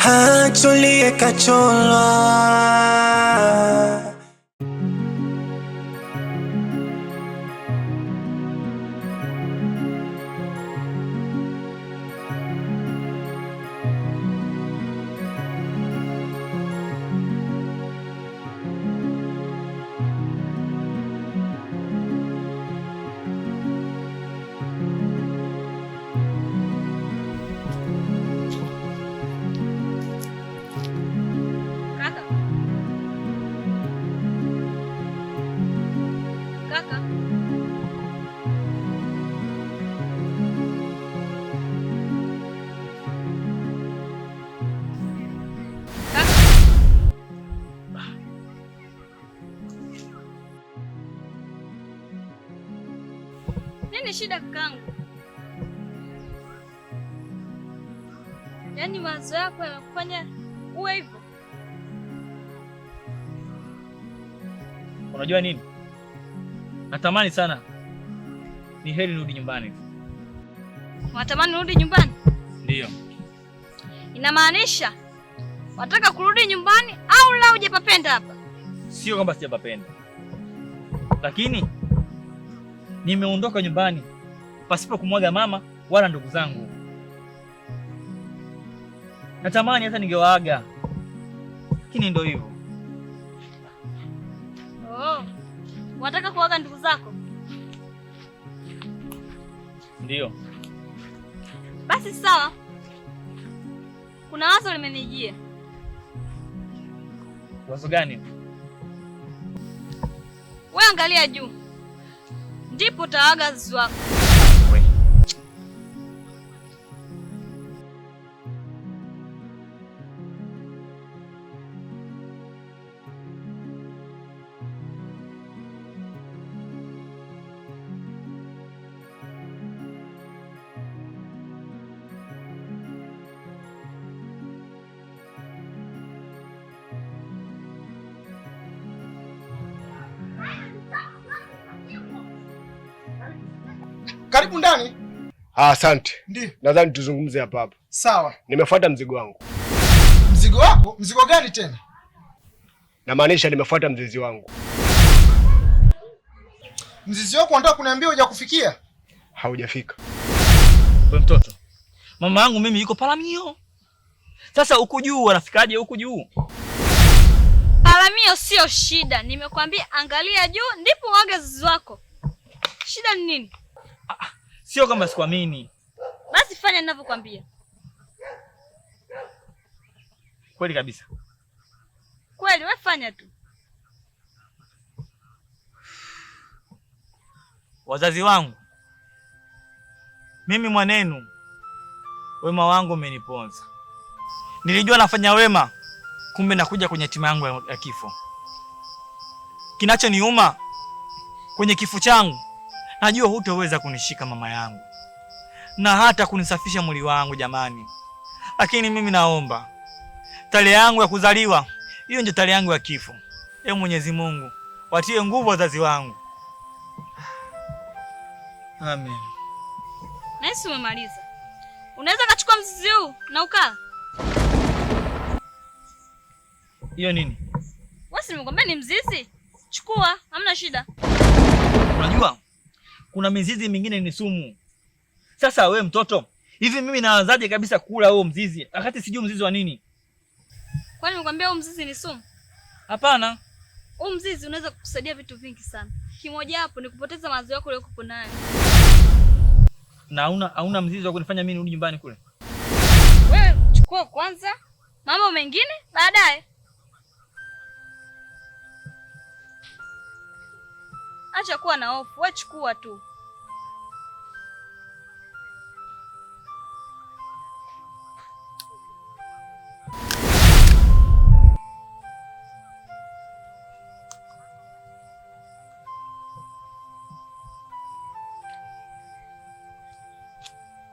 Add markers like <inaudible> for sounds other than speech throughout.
hacholiekacholwa Hamna shida kakaangu, yaani mawazo yako yanakufanya uwe hivyo. Unajua nini, natamani sana ni heri nirudi nyumbani. Unatamani nirudi nyumbani? Ndiyo. Inamaanisha wataka kurudi nyumbani au la? Hujapapenda hapa? Sio kwamba sijapapenda, lakini nimeondoka nyumbani pasipo kumwaga mama wala ndugu zangu. Natamani hata ningewaaga, lakini ndio hivyo. Oh, wataka kuaga ndugu zako? ndio Basi sawa, kuna wazo limenijia. Wazo gani? Wewe angalia juu ndipo utawaga Karibu ndani. Ah, asante. Ndio. Nadhani tuzungumze hapa hapa. Sawa. Nimefuata mzigo wangu. Mzigo wako? Mzigo gani tena? Namaanisha nimefuata mzizi wangu. Mzizi wako unataka kuniambia hujakufikia? Haujafika. Wewe mtoto. Mama yangu mimi yuko Palamio. Sasa huku juu anafikaje huku juu? Palamio sio shida. Nimekwambia angalia juu ndipo waga zizi wako. Shida ni nini? sio kama sikuamini. Basi fanya ninavyokuambia. Kweli kabisa, kweli. Wewe fanya tu. Wazazi wangu, mimi mwanenu, wema wangu umeniponza. Nilijua nafanya wema, kumbe nakuja kwenye hatima yangu ya kifo. Kinachoniuma kwenye kifo changu Najua hutoweza kunishika mama yangu na hata kunisafisha mwili wangu jamani, lakini mimi naomba tarehe yangu ya kuzaliwa hiyo ndio tarehe yangu ya kifo. Ee Mwenyezi Mungu, watie nguvu wazazi wangu. Amen. Nasi umemaliza, unaweza kachukua mzizi huu na ukaa. Hiyo nini? Wewe si nimekwambia ni mzizi? Chukua, hamna shida. Unajua kuna mizizi mingine ni sumu. Sasa we mtoto, hivi mimi naanzaje kabisa kula huo mzizi wakati sijui mzizi wa nini? Kwani nimekwambia huo mzizi ni sumu? Hapana, huu mzizi unaweza kukusaidia vitu vingi sana. Kimoja hapo ni kupoteza mawazo yako uliokuwa nayo. Na hauna hauna mzizi wa kunifanya mimi nirudi nyumbani kule? Wewe chukua kwanza, mambo mengine baadaye. Acha kuwa na hofu, wewe chukua tu.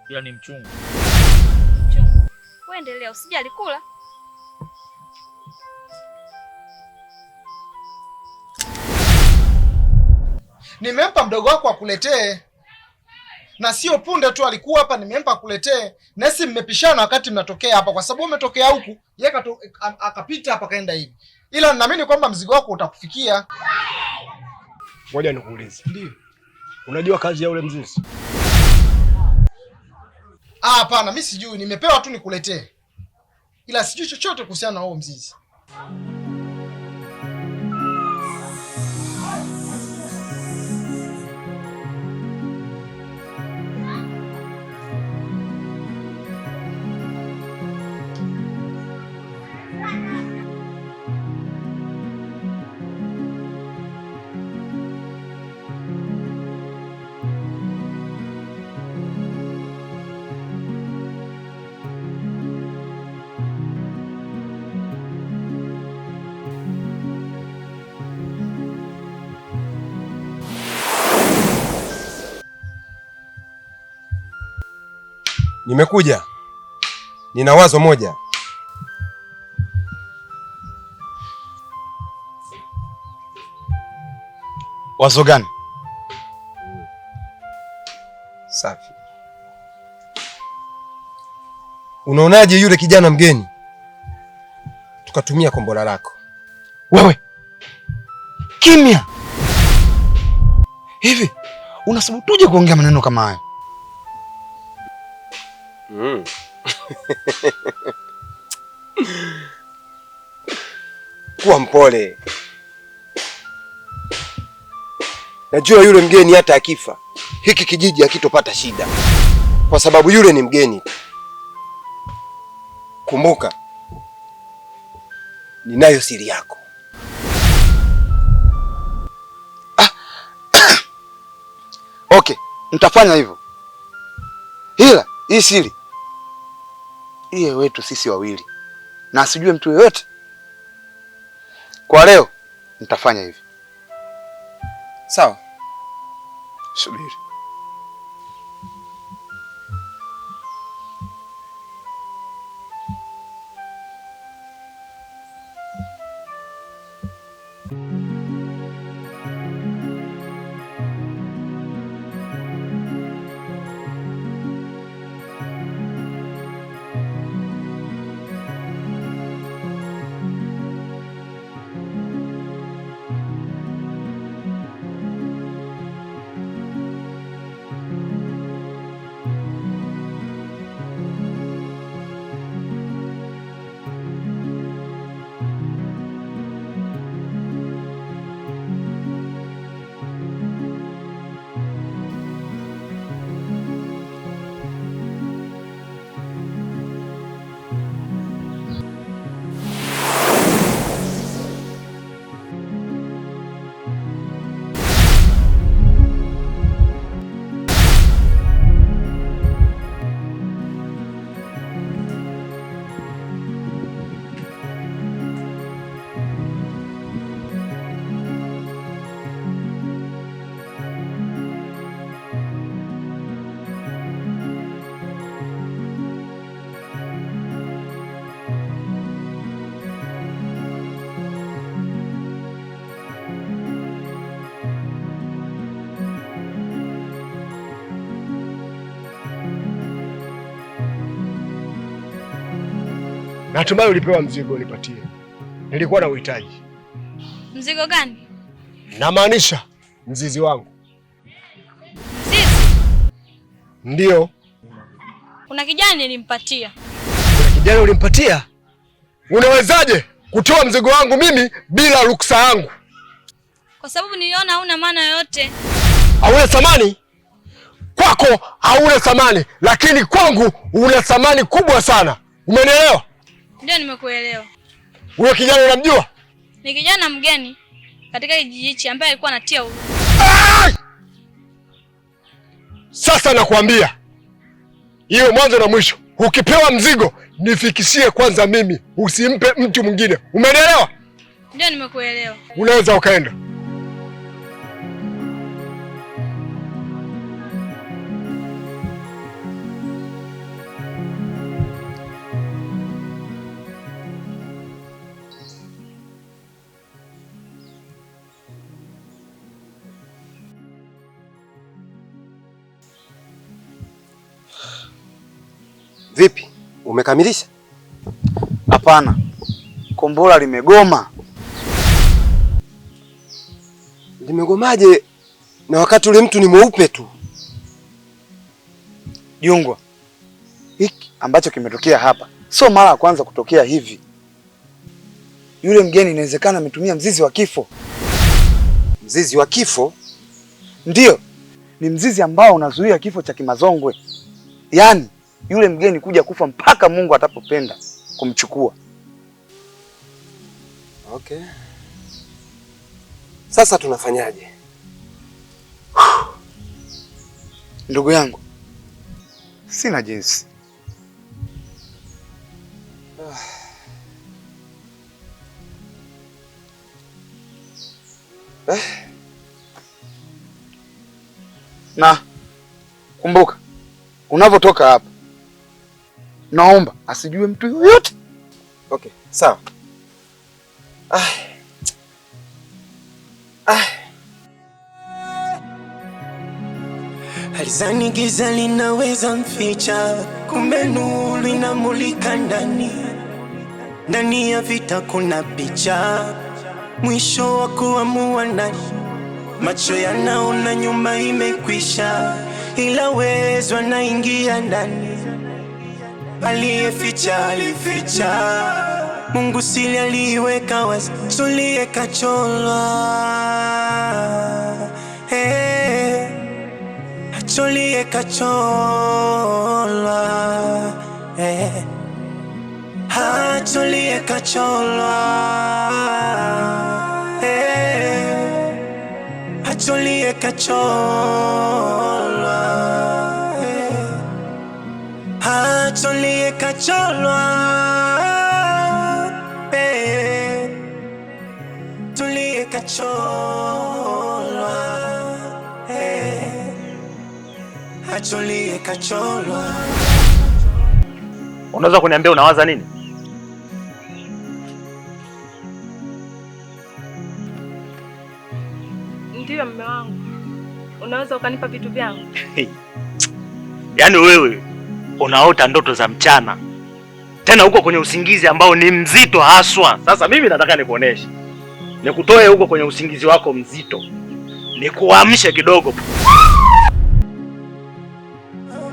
Ila ni mchungu. Mchungu. Wewe endelea, usijali kula. nimempa mdogo wako akuletee, na sio punde tu alikuwa hapa, nimempa akuletee. Na mmepishana wakati mnatokea hapa, kwa sababu umetokea huku, yeye akapita hapa kaenda hivi, ila naamini kwamba mzigo wako utakufikia. Ngoja nikuulize, ndio unajua kazi ya ule mzizi? Ah, hapana, mimi sijui, nimepewa tu nikuletee, ila sijui chochote kuhusiana na huo mzizi. Nimekuja, nina wazo moja. Wazo gani? Safi. Unaonaje yule kijana mgeni tukatumia kombola lako? Wewe kimya hivi, unasubutuje kuongea maneno kama haya? Mm. <laughs> Kuwa mpole, najua yule mgeni hata akifa hiki kijiji hakitopata shida, kwa sababu yule ni mgeni. Kumbuka, ninayo siri yako. Ah. <coughs> Okay, nitafanya hivyo, ila hii siri iye wetu sisi wawili na asijue mtu yeyote. Kwa leo nitafanya hivi, sawa? Subiri. Natumai ulipewa mzigo nipatie, nilikuwa na uhitaji. Mzigo gani? Namaanisha mzizi wangu. Mzizi? Ndiyo. Kuna kijana nilimpatia. Kuna kijana ulimpatia? Unawezaje kutoa mzigo wangu mimi bila ruksa yangu? Kwa sababu niliona hauna maana yoyote. Hauna thamani kwako, hauna thamani, lakini kwangu una thamani kubwa sana. Umenielewa? Ndio, nimekuelewa. Huyo kijana unamjua? Ni kijana mgeni katika kijiji hichi ambaye alikuwa anatia u. Sasa nakwambia hiyo mwanzo na mwisho. Ukipewa mzigo nifikishie kwanza mimi, usimpe mtu mwingine. Umenielewa? Ndio, nimekuelewa. Unaweza ukaenda. Vipi, umekamilisha? Hapana, kombora limegoma. Limegomaje na wakati ule mtu ni mweupe tu? Jungwa, hiki ambacho kimetokea hapa sio mara ya kwanza kutokea hivi. Yule mgeni inawezekana ametumia mzizi wa kifo. Mzizi wa kifo? ndio ni mzizi ambao unazuia kifo cha kimazongwe, yaani yule mgeni kuja kufa mpaka Mungu atapopenda kumchukua. Okay. Sasa tunafanyaje? <sighs> Ndugu yangu, sina jinsi. <sighs> Eh. Na kumbuka unavyotoka hapa naomba asijue mtu yoyote. Okay, sawa. Ah. Ah. Alizani giza linaweza mficha, kumbe nuru inamulika ndani. Ndani ya vita kuna picha, mwisho wa kuamua nani. Macho yanaona nyuma imekwisha, ila wezo anaingia ndani aliyeficha alificha, Mungu sili aliweka wazi, tulie kacholwa hey, eh, tulie kacholwa hey, eh, tulie kacholwa hey, eh, tulie kacholwa Kacholie kacholwa Unaweza kuniambia unawaza nini? Ndiyo mme wangu, unaweza ukanipa vitu vyangu? Yaani wewe unaota ndoto za mchana, tena huko kwenye usingizi ambao ni mzito haswa. Sasa mimi nataka nikuoneshe, nikutoe huko kwenye usingizi wako mzito, nikuamshe kidogo.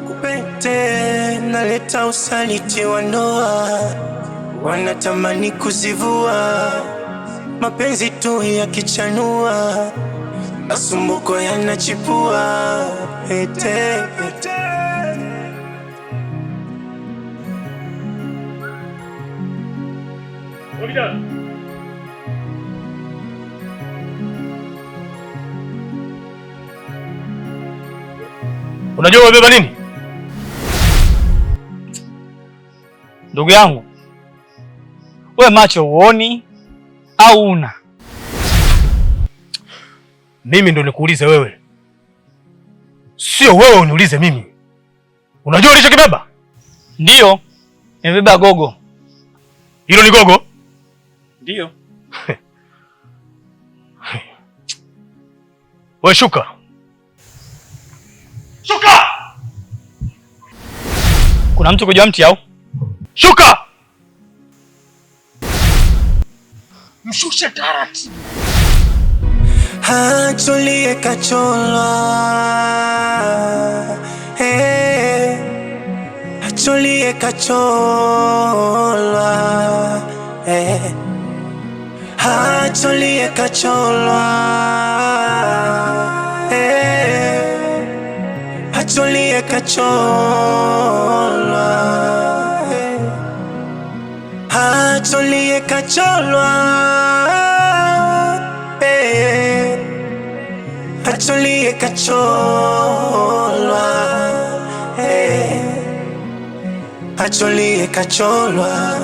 Kupete naleta usaliti wa ndoa, wanatamani kuzivua mapenzi tu yakichanua, masumbuko yanachipua. Pete, pete. Olacağız. Unajua umebeba nini? Ndugu yangu, we macho uoni au una? Mimi ndo nikuulize wewe, sio wewe uniulize mimi. Unajua ulichokibeba? Ndiyo, nimebeba gogo. Hilo ni gogo? Ndio. <laughs> We shuka. Shuka! Kuna mtu kujua mti au? Shuka! Mshushe taratibu. Hacholie kachola. Hey. Hacholie kachola. Hey hacho liye kacholwa hey, eh, hacho liye kacholwa hey, eh, hacho liye kacholwa hey, eh, hacho liye kacholwa hey, hacho liye kacholwa